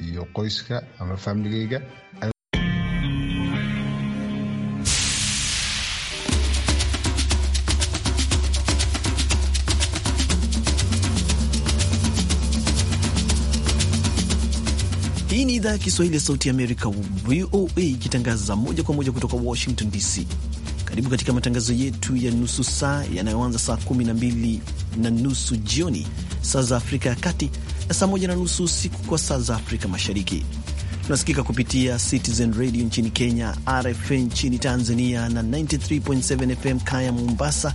iyo qoyska ama familigeyga Hii ni idhaa ya Kiswahili ya Sauti ya Amerika, VOA, ikitangaza moja kwa moja kutoka Washington DC. Karibu katika matangazo yetu ya nusu saa yanayoanza saa 12 na nusu jioni saa za Afrika ya Kati na saa moja na nusu usiku kwa saa za Afrika Mashariki. Tunasikika kupitia Citizen Radio nchini Kenya, RFA nchini Tanzania na 93.7 FM Kaya Mombasa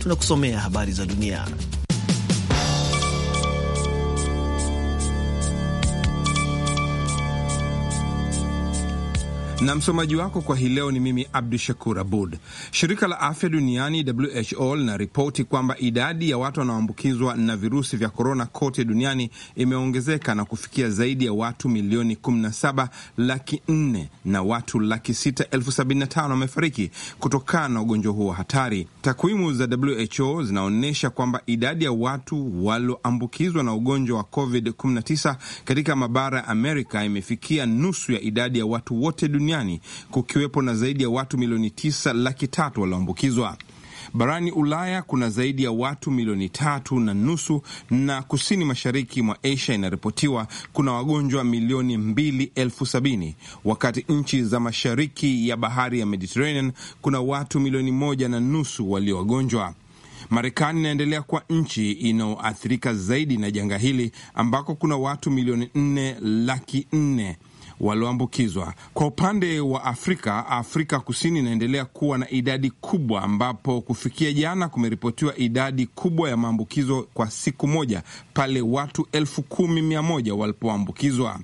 tunakusomea habari za dunia. na msomaji wako kwa hii leo ni mimi Abdu Shakur Abud. Shirika la afya duniani WHO linaripoti kwamba idadi ya watu wanaoambukizwa na virusi vya korona kote duniani imeongezeka na kufikia zaidi ya watu milioni 17 laki 4 na watu laki 6 elfu 75 wamefariki kutokana na ugonjwa huo hatari. Takwimu za WHO zinaonyesha kwamba idadi ya watu walioambukizwa na ugonjwa wa COVID-19 katika mabara ya Amerika imefikia nusu ya idadi ya watu wote duniani duniani kukiwepo na zaidi ya watu milioni tisa laki tatu walioambukizwa. Barani Ulaya kuna zaidi ya watu milioni tatu na nusu na kusini mashariki mwa Asia inaripotiwa kuna wagonjwa milioni mbili elfu sabini wakati nchi za mashariki ya bahari ya Mediterranean kuna watu milioni moja na nusu walio wagonjwa. Marekani inaendelea kuwa nchi inayoathirika zaidi na janga hili ambako kuna watu milioni nne laki nne walioambukizwa. Kwa upande wa Afrika, Afrika Kusini inaendelea kuwa na idadi kubwa, ambapo kufikia jana kumeripotiwa idadi kubwa ya maambukizo kwa siku moja pale watu elfu kumi mia moja walipoambukizwa.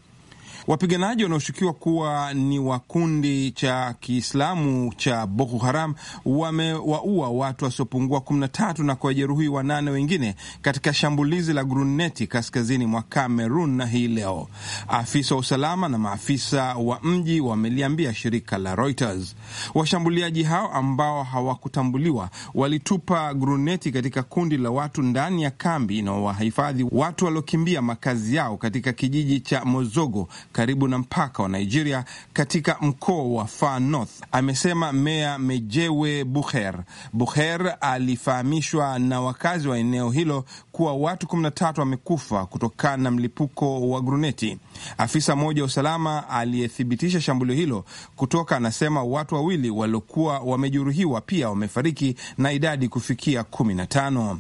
Wapiganaji wanaoshukiwa kuwa ni wa kundi cha Kiislamu cha Boko Haram wamewaua watu wasiopungua kumi na kuwajeruhi wanane wengine katika shambulizi la gruneti kaskazini mwa Kamerun na hii leo, afisa wa usalama na maafisa wa mji wameliambia shirika la Reuters. Washambuliaji hao ambao hawakutambuliwa walitupa gruneti katika kundi la watu ndani ya kambi na wahifadhi watu waliokimbia makazi yao katika kijiji cha Mozogo karibu na mpaka wa Nigeria katika mkoa wa Far North, amesema meya Mejewe buher buher alifahamishwa na wakazi wa eneo hilo kuwa watu 13 wamekufa kutokana na mlipuko wa gruneti. Afisa mmoja wa usalama aliyethibitisha shambulio hilo kutoka anasema watu wawili waliokuwa wamejeruhiwa pia wamefariki na idadi kufikia 15.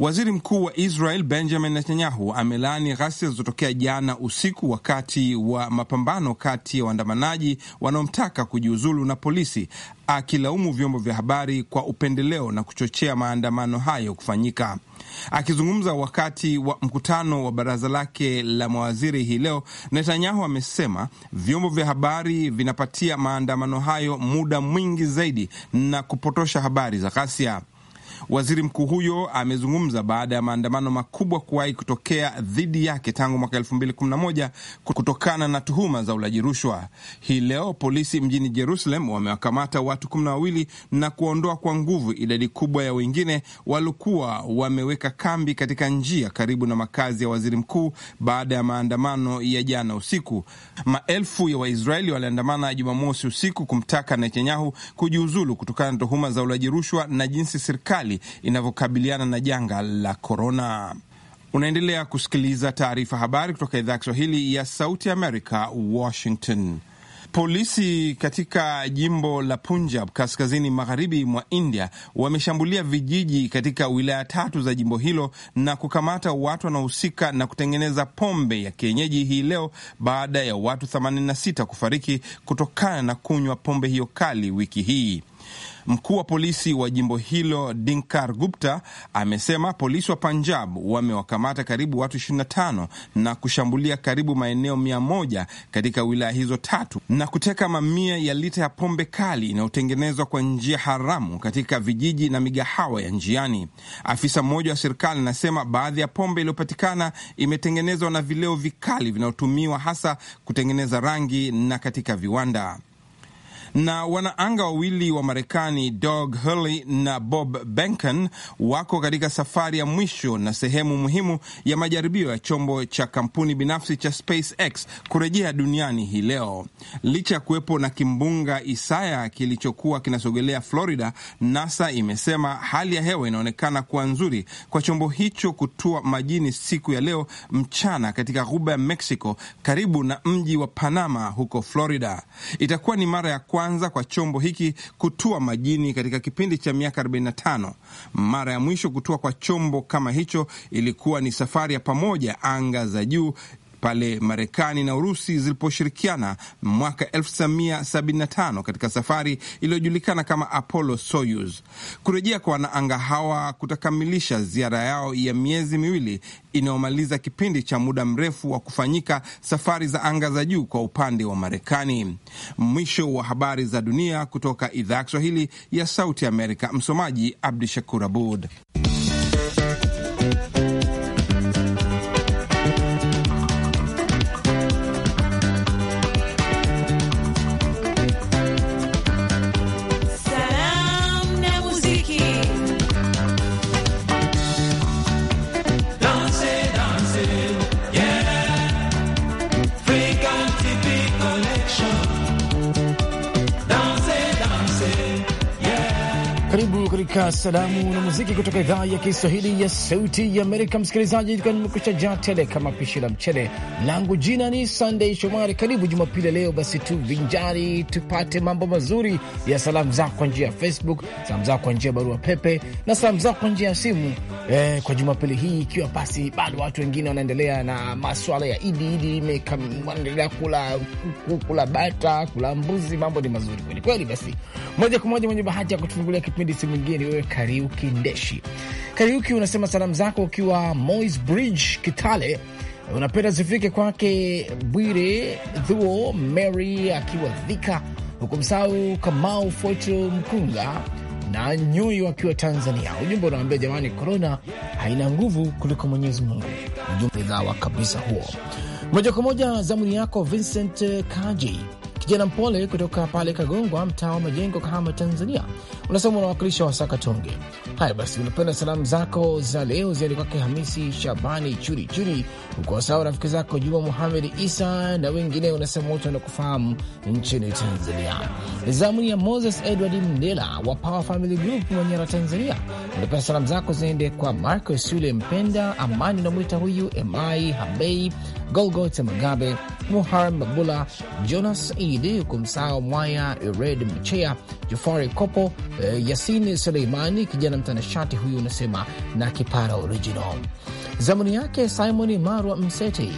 Waziri mkuu wa Israel Benjamin Netanyahu amelaani ghasia zilizotokea jana usiku wakati wa mapambano kati ya waandamanaji wanaomtaka kujiuzulu na polisi, akilaumu vyombo vya habari kwa upendeleo na kuchochea maandamano hayo kufanyika. Akizungumza wakati wa mkutano wa baraza lake la mawaziri hii leo, Netanyahu amesema vyombo vya habari vinapatia maandamano hayo muda mwingi zaidi na kupotosha habari za ghasia. Waziri mkuu huyo amezungumza baada ya maandamano makubwa kuwahi kutokea dhidi yake tangu mwaka elfu mbili kumi na moja kutokana na tuhuma za ulaji rushwa. Hii leo polisi mjini Jerusalem wamewakamata watu kumi na wawili na kuondoa kwa nguvu idadi kubwa ya wengine waliokuwa wameweka kambi katika njia karibu na makazi ya waziri mkuu baada ya maandamano ya jana usiku. Maelfu ya Waisraeli waliandamana Jumamosi usiku kumtaka Netanyahu kujiuzulu kutokana na tuhuma za ulaji rushwa na jinsi serikali serikali inavyokabiliana na janga la korona. Unaendelea kusikiliza taarifa habari kutoka idhaa ya Kiswahili ya Sauti Amerika, Washington. Polisi katika jimbo la Punjab kaskazini magharibi mwa India wameshambulia vijiji katika wilaya tatu za jimbo hilo na kukamata watu wanaohusika na kutengeneza pombe ya kienyeji hii leo baada ya watu 86 kufariki kutokana na kunywa pombe hiyo kali wiki hii. Mkuu wa polisi wa jimbo hilo Dinkar Gupta amesema polisi wa Panjab wamewakamata karibu watu 25 na kushambulia karibu maeneo 100 katika wilaya hizo tatu na kuteka mamia ya lita ya pombe kali inayotengenezwa kwa njia haramu katika vijiji na migahawa ya njiani. Afisa mmoja wa serikali anasema baadhi ya pombe iliyopatikana imetengenezwa na vileo vikali vinayotumiwa hasa kutengeneza rangi na katika viwanda na wanaanga wawili wa Marekani Doug Hurley na Bob benken wako katika safari ya mwisho na sehemu muhimu ya majaribio ya chombo cha kampuni binafsi cha SpaceX kurejea duniani hii leo. Licha ya kuwepo na kimbunga Isaya kilichokuwa kinasogelea Florida, NASA imesema hali ya hewa inaonekana kuwa nzuri kwa chombo hicho kutua majini siku ya leo mchana katika ghuba ya Mexico karibu na mji wa Panama huko Florida. Itakuwa ni mara ya kwanza kwa chombo hiki kutua majini katika kipindi cha miaka 45. Mara ya mwisho kutua kwa chombo kama hicho ilikuwa ni safari ya pamoja anga za juu pale Marekani na Urusi ziliposhirikiana mwaka 1975 katika safari iliyojulikana kama Apollo Soyuz. Kurejea kwa wanaanga hawa kutakamilisha ziara yao ya miezi miwili inayomaliza kipindi cha muda mrefu wa kufanyika safari za anga za juu kwa upande wa Marekani. Mwisho wa habari za dunia kutoka idhaa ya Kiswahili ya Sauti Amerika. Msomaji Abdu Shakur Abud. katika salamu na muziki kutoka idhaa ya Kiswahili ya Sauti ya Amerika. Msikilizaji, ikiwa nimekusha jaa tele kama pishi la mchele langu, jina ni Sunday Shomari. Karibu Jumapili leo, basi tu vinjari tupate mambo mazuri ya salamu zako kwa njia ya Facebook, salamu zako kwa njia ya barua pepe na salamu zako kwa njia ya simu eh, kwa Jumapili hii ikiwa basi bado watu wengine wanaendelea na maswala ya Idi Idi, wanaendelea kula kuku, kula bata, kula mbuzi. Mambo ni mazuri kwelikweli. Basi moja kwa moja mwenye bahati ya kutufungulia kipindi si mwingine wewe Kariuki Ndeshi. Kariuki, unasema salamu zako ukiwa Mois Bridge, Kitale, unapenda zifike kwake Bwire Dhuo Mary akiwa Dhika, huku msau Kamau Foto Mkunga na Nyuyi wakiwa Tanzania. Ujumbe unaambia jamani, korona haina nguvu kuliko Mwenyezi Mungu. Ujumbe dhawa kabisa huo. Moja kwa moja zamuni yako Vincent Kaji Kijana mpole kutoka pale Kagongwa, mtaa wa Majengo, Kahama, Tanzania, unasema unawakilisha wasakatonge Haya basi, unapenda salamu zako za leo ziende kwake Hamisi Shabani churi churi, uko sawa, rafiki zako Juma Muhamed Isa na wengine, unasema wote wanakufahamu nchini Tanzania. Zamu ya Moses Edward Mdela wa Power Family Group, Manyara, Tanzania, unapenda salamu zako ziende kwa Marcos Yule Mpenda Amani, unamwita huyu Emai Habei Golgota Magabe, Muhar Mabula, Jonas Idi Kumsao, Mwaya Red Mchea, Jafari Kopo, eh, yasini Suleimani, kijana mtanashati huyu unasema na kipara original. Zamuni yake Simoni Marwa Mseti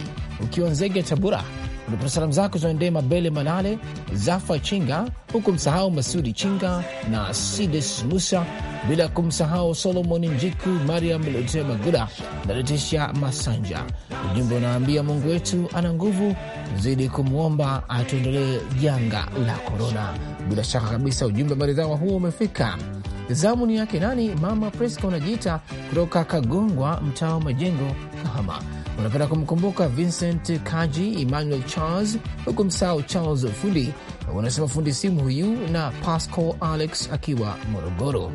ukiwa Nzege, tabura unapata salamu zako zinaendea Mabele Malale, Zafa Chinga, huku msahau Masudi Chinga na Sidis Musa bila kumsahau Solomon Njiku, Mariam Lute Magula na Letisha Masanja. Ujumbe unaambia Mungu wetu ana nguvu, zidi kumwomba atuendelee janga la korona. Bila shaka kabisa, ujumbe maridhawa huo umefika. Zamu ni yake nani? Mama Preska unajiita kutoka Kagongwa, mtaa wa Majengo, Kahama. Unapenda kumkumbuka Vincent Kaji, Emmanuel Charles, huku msahau Charles Fundi, unasema fundi simu huyu na Pascal Alex akiwa Morogoro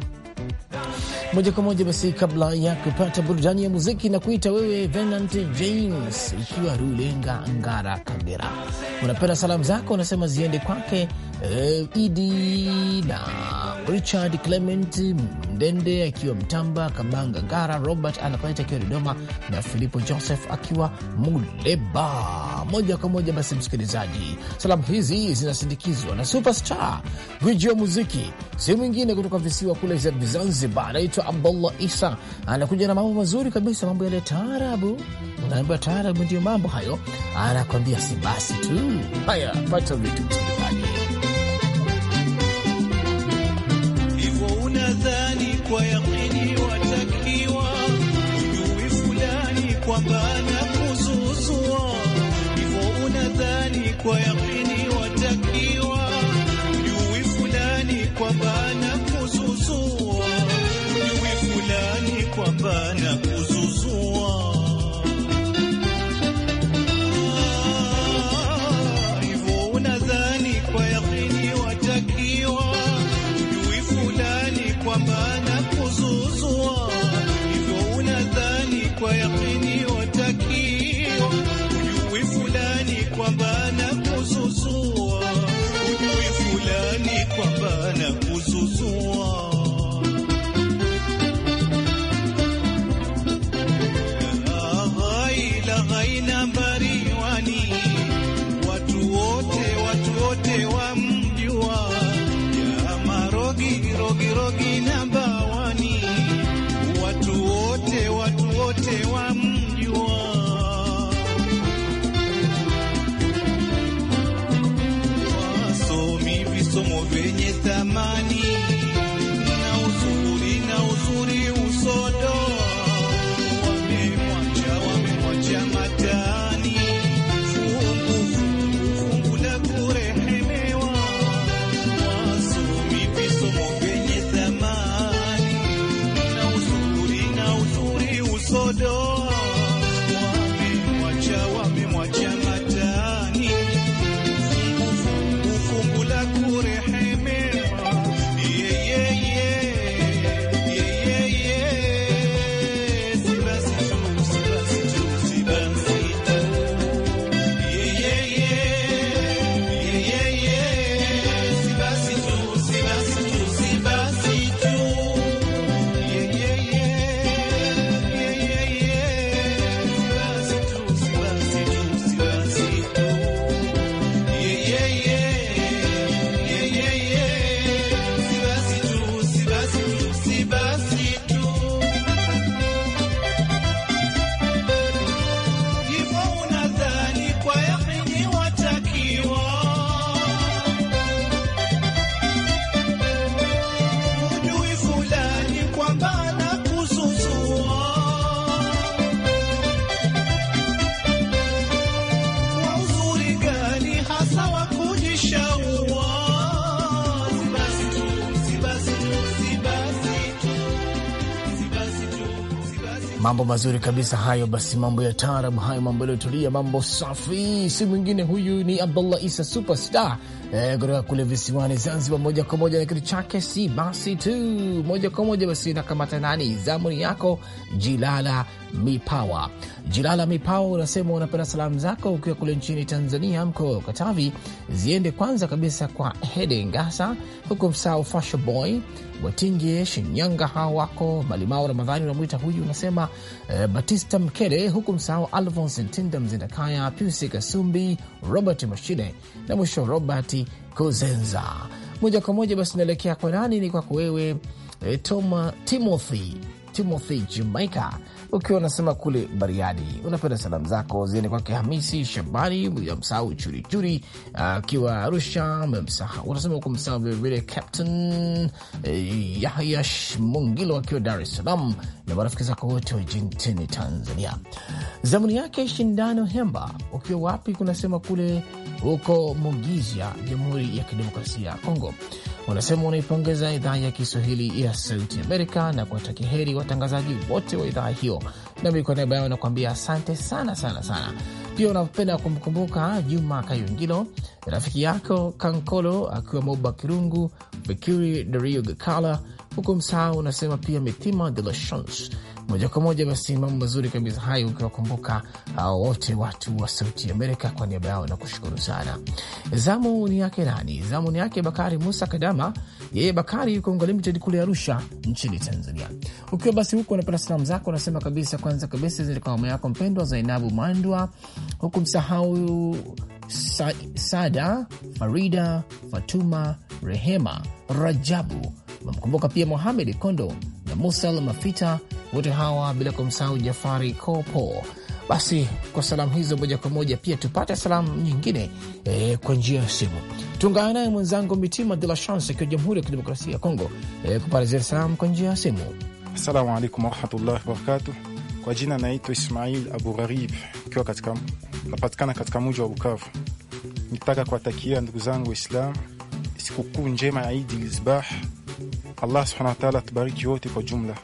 moja kwa moja basi, kabla ya kupata burudani ya muziki na kuita wewe Venant James, ikiwa Rulenga Ngara, Kagera, unapenda salamu zako unasema ziende kwake Idi na Richard Clement Mdende akiwa Mtamba, kabanga Ngara, Robert Anapaita akiwa Dodoma na Filipo Joseph akiwa Muleba. Moja kwa moja basi, msikilizaji, salamu hizi zinasindikizwa na superstar gwiji wa muziki, si mwingine kutoka visiwa kule Zanzibar, anaitwa Abdullah Isa. Anakuja na mambo mazuri kabisa, mambo yale taarabu, unaambiwa taarabu ndiyo mambo hayo, anakwambia si basi tu. Haya, pata vitu msikilizaji. Cuellar. Mambo mazuri kabisa hayo. Basi mambo ya tarab hayo, mambo yaliyotulia, mambo safi. Si mwingine huyu ni Abdullah Isa Superstar eh, kutoka kule visiwani Zanzibar, moja kwa moja na kitu chake, si basi tu moja kwa moja. Basi nakamata nani zamuni yako, Jilala Mipawa. Jilala Mipawa, unasema unapenda salamu zako ukiwa kule nchini Tanzania, mko Katavi, ziende kwanza kabisa kwa Hede Ngasa, huku msahau Fasha Boy Watinge Shinyanga hao wako Malimao Ramadhani unamwita huyu unasema eh, Batista mkere huku msahau Alvons Ntinda Mzindakaya, Piusi Kasumbi, Robert Mashine na mwisho Robert Kozenza. Moja kwa moja basi naelekea kwa nani, ni kwako wewe eh, Toma Timothy Timothy Jamaica ukiwa unasema kule Bariadi unapenda salamu zako ziende kwake Hamisi Shabani, mjamsahau Churichuri ah, akiwa Arusha, umemsahau unasema msahau vilevile Captain uh, Yahya Mungilo akiwa Dar es Salaam na marafiki zako wote wa nchini Tanzania. Zamuni yake Shindano Hemba ukiwa wapi kunasema kule huko Mogizia, Jamhuri ya Kidemokrasia ya Kongo unasema unaipongeza idhaa ya Kiswahili ya Sauti Amerika na kuwatakia heri watangazaji wote wa idhaa hiyo, nami kwa niaba yao wanakuambia asante sana sana sana. Pia unapenda kumkumbuka Juma Kayungilo, rafiki yako Kankolo Moba Kirungu, Bekiri Dario Gakala, huku msahau unasema pia Mitima de la Chance moja kwa moja. Basi mambo mazuri kabisa hayo, ukiwakumbuka hao wote watu wa Sauti ya Amerika. Kwa niaba yao nakushukuru sana. Zamu ni yake nani? Zamu ni yake Bakari Musa Kadama, yeye Bakari yuko Unga Limited kule Arusha nchini Tanzania. Ukiwa basi huko unapata salamu zako, unasema kabisa, kwanza kabisa zilikuwa mama yako mpendwa Zainabu Mandwa, huku msahau Sa Sada, Farida, Fatuma, Rehema, Rajabu Wamkumbuka pia Mohamed Kondo na Musel Mafita, wote hawa bila kumsahau Jafari Kopo. Basi kwa salamu hizo moja kwa moja pia tupate salamu nyingine e, kwa njia ya simu. Tuungana naye mwenzangu Mitima De La Chance akiwa Jamhuri ya Kidemokrasia ya Kongo e, kupata zile salamu kwa njia ya simu. Assalamu alaikum warahmatullahi wabarakatu. Kwa jina naitwa Ismail Abu Gharib, ikiwa katika napatikana katika muji wa Bukavu. Nitaka kuwatakia ndugu zangu Waislam sikukuu njema ya Idi Lisbah Allah subhanahu wa ta'ala atubariki wote kwa jumla,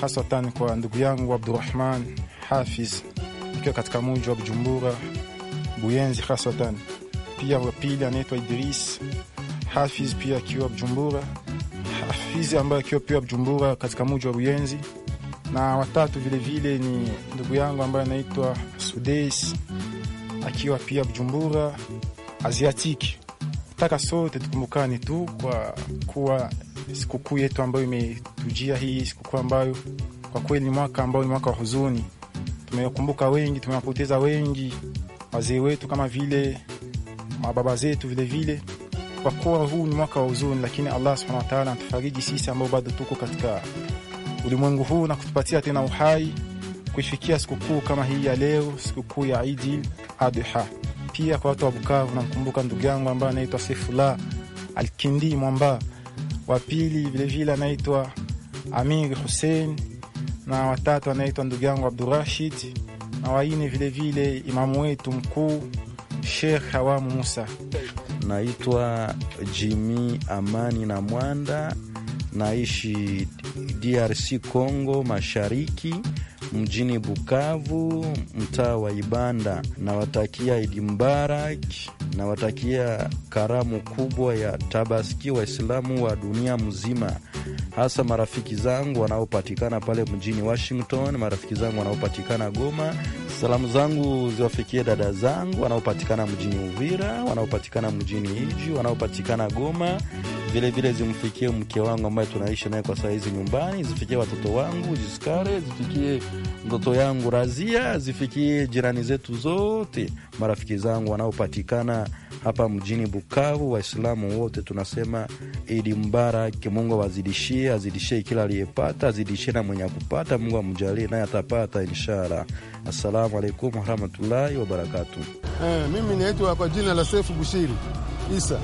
hasatan kwa ndugu yangu Abdurrahman Hafiz ikiwa katika mji wa Bujumbura Buyenzi, hasatan pia wa pili anaitwa Idris Hafiz pia akiwa Bujumbura, hafiz ambaye akiwa pia Bujumbura katika mji wa Buyenzi, na watatu vilevile vile ni ndugu yangu ambaye anaitwa Sudeis akiwa pia Bujumbura Asiatiki. Nataka sote tukumbukane tu kwa kuwa sikukuu yetu ambayo imetujia hii sikukuu ambayo kwa kweli ni mwaka ambao ni mwaka wa huzuni. Tumekumbuka wengi, tumewapoteza wengi, wazee wetu kama vile mababa zetu vilevile. Kwa kuwa huu ni mwaka wa huzuni, lakini Allah subhanahu wa taala anatufariji sisi ambao bado tuko katika ulimwengu huu na kutupatia tena uhai kuifikia sikukuu kama hii ya leo, sikukuu ya Idi Adha. Pia kwa watu wa Bukavu, namkumbuka ndugu yangu ambaye anaitwa Sefula Alkindi Mwambaa wa pili vilevile anaitwa Amir Hussein, na watatu anaitwa ndugu yangu Abdurashid, na waine vilevile imamu wetu mkuu Sheikh Hawamu Musa. Naitwa Jimi Amani na Mwanda, naishi DRC Congo Mashariki, mjini Bukavu, mtaa wa Ibanda. Nawatakia Idi Mubarak Nawatakia karamu kubwa ya Tabaski Waislamu wa dunia mzima, hasa marafiki zangu wanaopatikana pale mjini Washington, marafiki zangu wanaopatikana Goma Salamu zangu ziwafikie dada zangu wanaopatikana mjini Uvira, wanaopatikana mjini Iji, wanaopatikana Goma. Vilevile zimfikie mke wangu ambaye tunaishi naye kwa saa hizi nyumbani, zifikie watoto wangu Jiskare, zifikie mtoto yangu Razia, zifikie jirani zetu zote, marafiki zangu wanaopatikana hapa mjini Bukavu. Waislamu wote tunasema Idi Mubarak. Mungu awazidishie, azidishie kila aliyepata, azidishie na mwenye kupata, Mungu amjalie naye atapata inshallah. Assalamu alaikum warahmatullahi wabarakatu. Eh, mimi naitwa kwa jina la Sefu Bushiri Isa.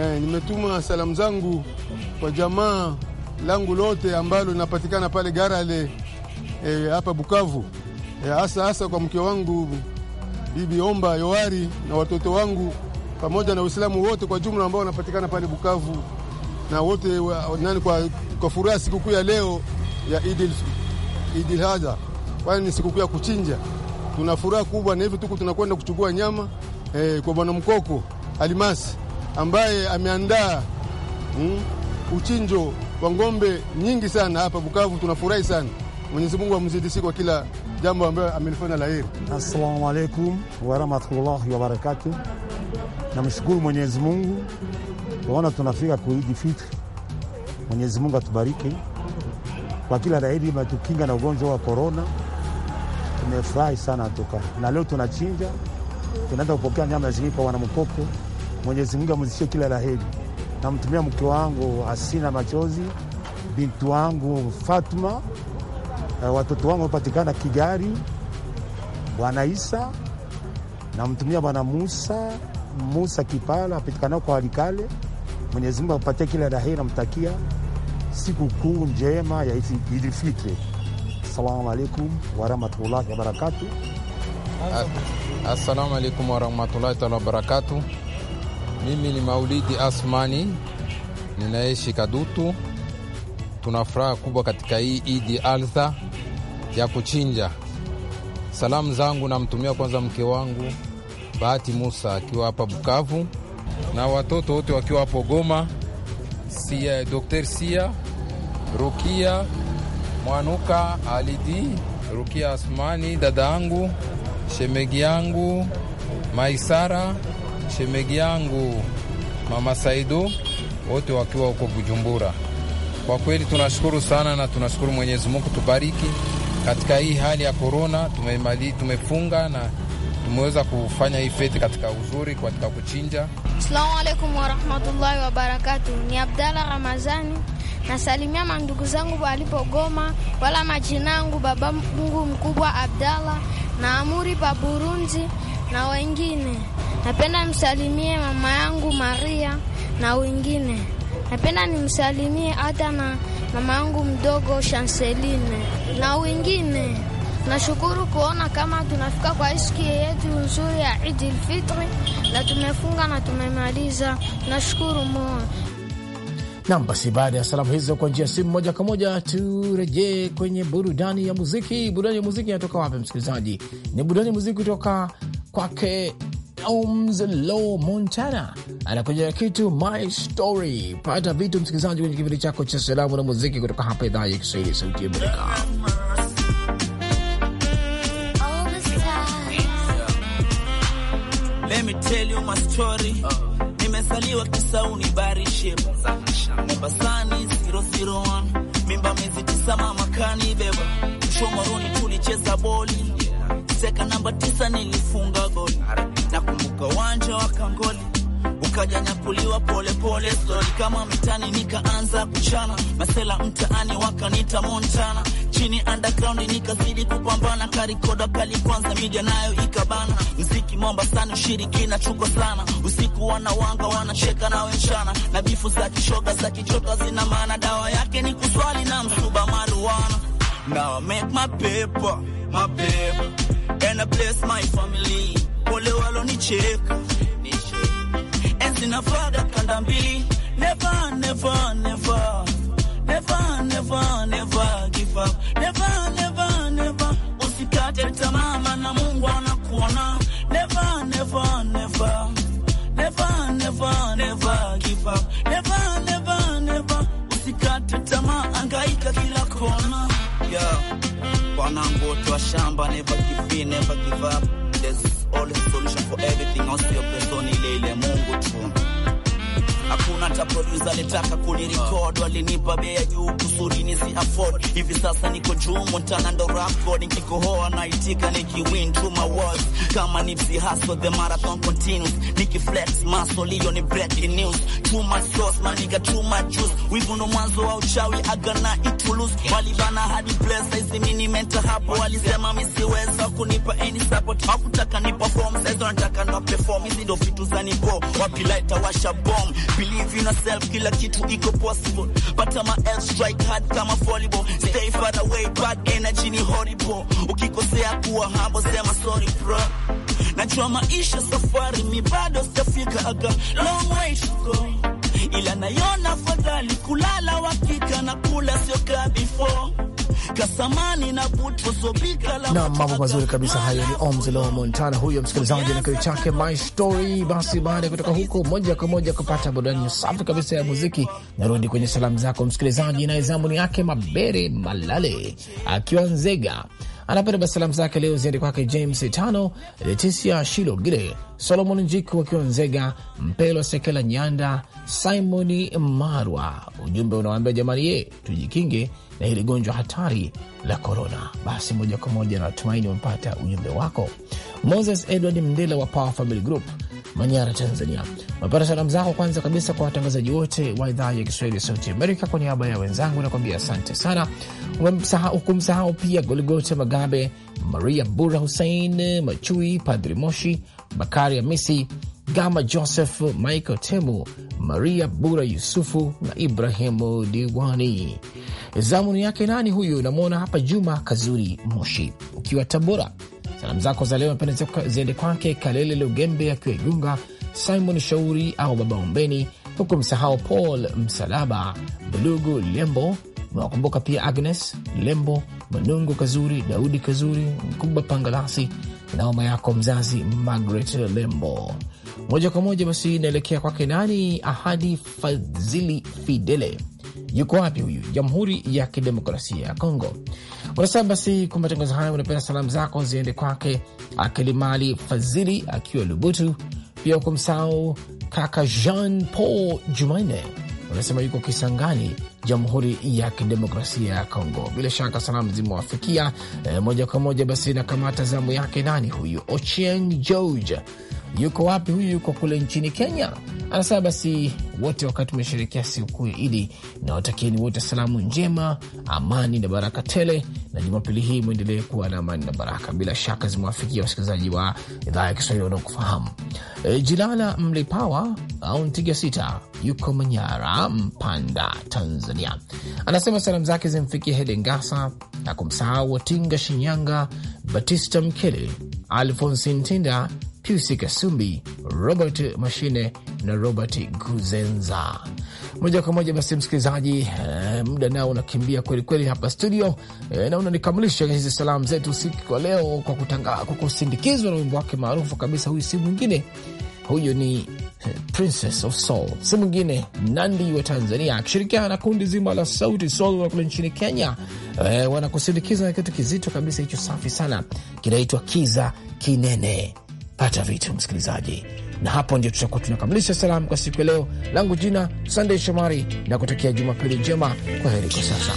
Eh, nimetuma salamu zangu kwa jamaa langu lote ambalo linapatikana pale Garale eh, hapa Bukavu eh, hasa eh, hasa kwa mke wangu Bibi Omba Yowari na watoto wangu pamoja na Waislamu wote kwa jumla ambao wanapatikana pale Bukavu na wote nani kwa, kwa furaha sikukuu ya leo ya Idil Hadha, kwani ni sikukuu ya kuchinja. Tuna furaha kubwa na hivi tuku tunakwenda kuchukua nyama eh, kwa bwana Mkoko Alimasi ambaye ameandaa mm, uchinjo wa ng'ombe nyingi sana hapa Bukavu. Tunafurahi sana. Mwenyezi Mungu amzidishie kwa kila jambo ambayo amelifanya la heri. Assalamu alaikum warahmatullahi wabarakatuh. Namshukuru Mwenyezi Mungu kwaona tunafika kuidi fitri. Mwenyezi Mungu atubariki kwa kila laidi, metukinga na ugonjwa wa korona. Tumefurahi sana toka na leo tunachinja, tunaenda kupokea nyama zingi kwa wanamkoko. Mwenyezi Mungu amzishie kila laheri. Namtumia mke wangu asina Machozi, bintu wangu Fatuma, eh, watoto wangu wapatikana Kigari, Bwana Isa namtumia Bwana Musa Musa Kipala apatikanao kwa halikale. Mwenyezi Mungu akupatia kila la heri, namtakia siku kuu njema ya Idil Fitri. Assalamu alaikum warahmatullahi wabarakatu. Assalamu alaikum warahmatullahi taala wabarakatu. Mimi ni Maulidi Asmani, ninaishi Kadutu. Tuna furaha kubwa katika hii Idi Adha ya kuchinja. Salamu zangu namtumia kwanza mke wangu Bahati Musa akiwa hapa Bukavu na watoto wote wakiwa hapo Goma, Sia, Dr. Sia Rukia Mwanuka Alidi Rukia Asmani dada yangu shemegi yangu Maisara shemegi yangu mama Saido wote wakiwa huko Bujumbura. Kwa kweli tunashukuru sana na tunashukuru Mwenyezi Mungu, tubariki katika hii hali ya korona. Tumeimali tumefunga na tumeweza kufanya hii feti katika uzuri, katika kuchinja. Asalamu alaikum warahmatullahi wabarakatu. Ni abdalah Ramazani, nasalimia mandugu zangu walipogoma wala majinangu baba Mungu mkubwa abdalah na Amuri pa Burunzi na wengine. Napenda nimsalimie mama yangu Maria na wengine. Napenda nimsalimie hata na mama yangu mdogo Shanseline na wengine. Nashukuru kuona kama tunafika kwa iski yetu nzuri ya Eid al-Fitr na tumefunga na tumemaliza. Nashukuru Mungu. Nam, basi baada ya salamu hizo kwa njia ya simu, moja kwa moja turejee kwenye burudani ya muziki. Burudani ya muziki inatoka wapi, msikilizaji? Ni burudani ya muziki kutoka kwake Oms Low Montana, anakuja na kitu My Story. Pata vitu msikilizaji kwenye kipindi chako cha salamu na muziki kutoka hapa idhaa ya Kiswahili ya Sauti ya Amerika. kama story uh-huh. nimesaliwa Kisauni Barishep Mombasani one mimba miezi tisa mama kani beba Shomoroni tulicheza boli seka namba tisa nilifunga goli nakumbuka uwanja wa Kangoli nikajanyakuliwa polepole, stori kama mitani, nikaanza kuchana masela mtaani, wakanita Montana chini underground nikazidi kupambana, karikoda kali kwanza, media nayo ikabana, mziki Mombasani ushirikina chuko sana, usiku wanawanga wanacheka nawe mchana, na bifu za kishoga za kichoto zina maana, dawa yake ni kuswali na msuba maruana. Now I make my paper, my paper, and I bless my family, pole walonicheka zinafaga kanda mbili never never never never never never give up never never never usikate tamaa na Mungu anakuona never never never never never never give up never never never usikate tamaa angaika kila kona yeah wanangu wote wa shamba never give in never give up there's always solution for everything also your hata producer alitaka kulirecord, walinipa bei ya juu kusudi nisi afford. Hivi sasa niko juu Montana, ndo rap god nikikohoa na itika nikiwin to my words kama Nipsey Hussle, the marathon continues nikiflex muscle, hiyo ni breaking news. Too much sauce man, nigga too much juice, wivu ndo mwanzo wa uchawi, agana itulus walibana hadi place hizi mini mental hapo, walisema misiweza kunipa any support, hakutaka ni perform sasa, nataka na perform, hizi ndo vitu za nipo wapi lighter washa bomb believe na self, kila kitu iko possible. but ama else strike hard kama volleyball, stay far away, bad energy ni horrible. Ukikosea kuwa hambo sema sorry bro. Najua maisha safari, mi bado sitafika, aga long way to go, ila naiona fadhali na mambo mazuri kabisa. Hayo ni Omzelo Montana huyo msikilizaji na kio chake my story. Basi baada ya kutoka huko moja kwa moja kupata burudani safi kabisa ya muziki, narudi kwenye salamu zako msikilizaji, naye ni yake Mabere Malale akiwa Nzega anapenda basi salamu zake leo ziende kwake James Tano, Leticia shilogile Solomon Njiku wakiwa Nzega, Mpelo Sekela Nyanda, Simoni Marwa. Ujumbe unawaambia jamani, ye tujikinge na hili gonjwa hatari la korona. Basi moja kwa moja, natumaini umepata ujumbe wako. Moses Edward Mndela wa Power Family Group Manyara, Tanzania. Mapata salamu zako kwanza kabisa kwa watangazaji wote wa idhaa ya Kiswahili ya Sauti Amerika. Kwa niaba ya wenzangu nakwambia asante sana. Hukumsahau pia Goligote Magabe, Maria Bura, husein Machui, Padri Moshi, Bakari Amisi, Gama Joseph, Michael Temu, Maria Bura Yusufu na Ibrahimu Diwani. Zamuni yake nani huyu? Namwona hapa Juma Kazuri Moshi, ukiwa Tabora Salamu zako za leo napenda ziende kwake Kalele Lugembe akiwa Igunga, Simon Shauri au Baba Ombeni, huku msahau Paul Msalaba, Bulugu Lembo. mewakumbuka pia Agnes Lembo, Manungu Kazuri, Daudi Kazuri, Mkubwa Pangalasi na mama yako mzazi Margaret Lembo. Moja kwa moja basi inaelekea kwake nani, Ahadi Fadhili Fidele yuko wapi huyu? Jamhuri ya Kidemokrasia ya Kongo. Unasema basi kwa matangazo haya unapenda salamu zako ziende kwake Akilimali Fazili akiwa Lubutu, pia uko msao kaka Jean Paul Jumanne, unasema yuko Kisangani, Jamhuri ya Kidemokrasia ya Kongo. Bila shaka salamu zimewafikia e, moja kwa moja. Basi na kamata zamu yake nani huyu Ochieng George Yuko wapi huyu? Yuko kule nchini Kenya. Anasema basi wote wakati umesherekea sikukuu ya Idi na watakieni wote salamu njema, amani na baraka tele, na Jumapili hii mwendelee kuwa na amani na baraka. Bila shaka zimewafikia wasikilizaji wa idhaa ya Kiswahili wanaokufahamu. E, Jilala Mlipawa au Ntiga Sita yuko Manyara, Mpanda, Tanzania, anasema salamu zake zimfikia Hedengasa na kumsahau Watinga Shinyanga, Batista Mkele, Alfonsi Ntinda Piusi Kasumbi, Robert Mashine na Robert Guzenza. Moja kwa moja basi, msikilizaji, eh, muda nao unakimbia kweli kweli hapa studio eh, naona nikamilisha hizi salamu zetu usiku kwa leo kwa kutanga, kwa kusindikizwa na wimbo wake maarufu kabisa. Huyu si mwingine, huyu ni eh, Princess of Soul, si mwingine Nandi wa Tanzania akishirikiana na kundi zima la Sauti Soul wa kule nchini Kenya. E, wanakusindikiza na kitu kizito kabisa hicho, safi sana, kinaitwa Kiza Kinene pata vitu msikilizaji, na hapo ndio tutakuwa tunakamilisha salamu kwa siku ya leo. Langu jina Sandey Shomari na kutokea Jumapili njema. Kwa heri kwa sasa.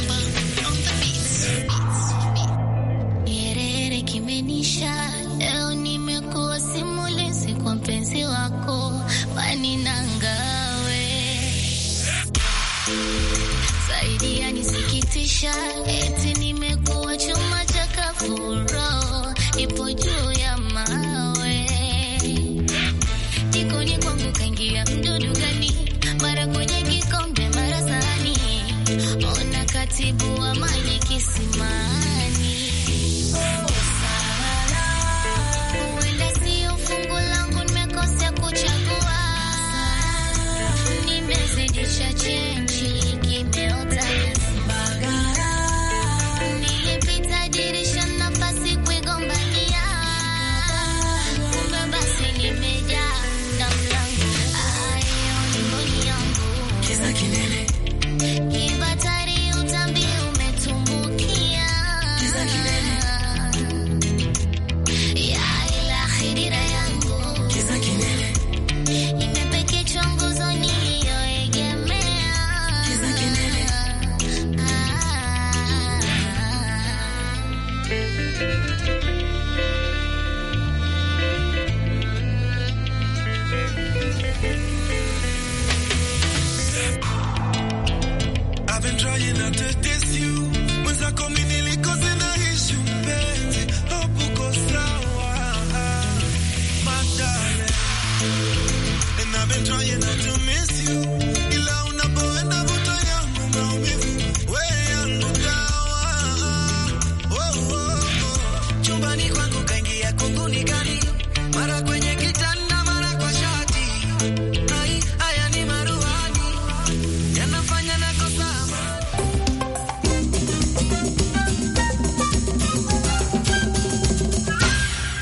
I've been trying not to miss you.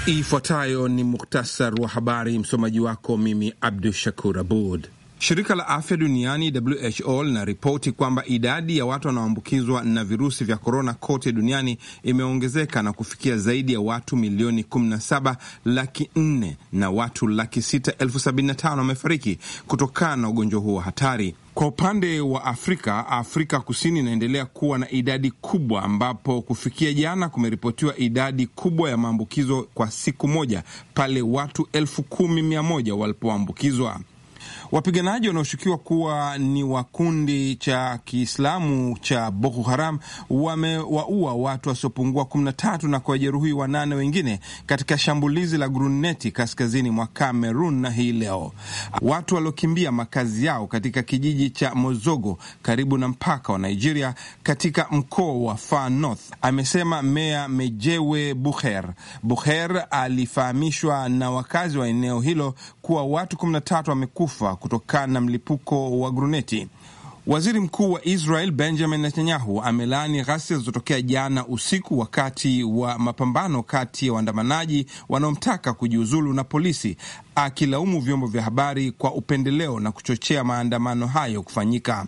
Ifuatayo ni muktasar wa habari, msomaji wako mimi Abdu Shakur Abud. Shirika la afya duniani WHO linaripoti kwamba idadi ya watu wanaoambukizwa na virusi vya korona kote duniani imeongezeka na kufikia zaidi ya watu milioni 17 laki 4 na watu laki 6 elfu 75 wamefariki kutokana na ugonjwa huo hatari. Kwa upande wa Afrika, Afrika Kusini inaendelea kuwa na idadi kubwa, ambapo kufikia jana kumeripotiwa idadi kubwa ya maambukizo kwa siku moja pale watu elfu kumi mia moja walipoambukizwa. Wapiganaji wanaoshukiwa kuwa ni wa kundi cha Kiislamu cha Boko Haram wamewaua watu wasiopungua 13 na kuwajeruhi wanane wengine katika shambulizi la gruneti kaskazini mwa Kamerun hii leo. Watu waliokimbia makazi yao katika kijiji cha Mozogo karibu na mpaka wa Nigeria katika mkoa wa Far North, amesema meya Mejewe Buher. Buher alifahamishwa na wakazi wa eneo hilo kuwa watu 13 wamekufa kufa kutokana na mlipuko wa gruneti. Waziri Mkuu wa Israel Benjamin Netanyahu amelaani ghasia zilizotokea jana usiku wakati wa mapambano kati ya waandamanaji wanaomtaka kujiuzulu na polisi, akilaumu vyombo vya habari kwa upendeleo na kuchochea maandamano hayo kufanyika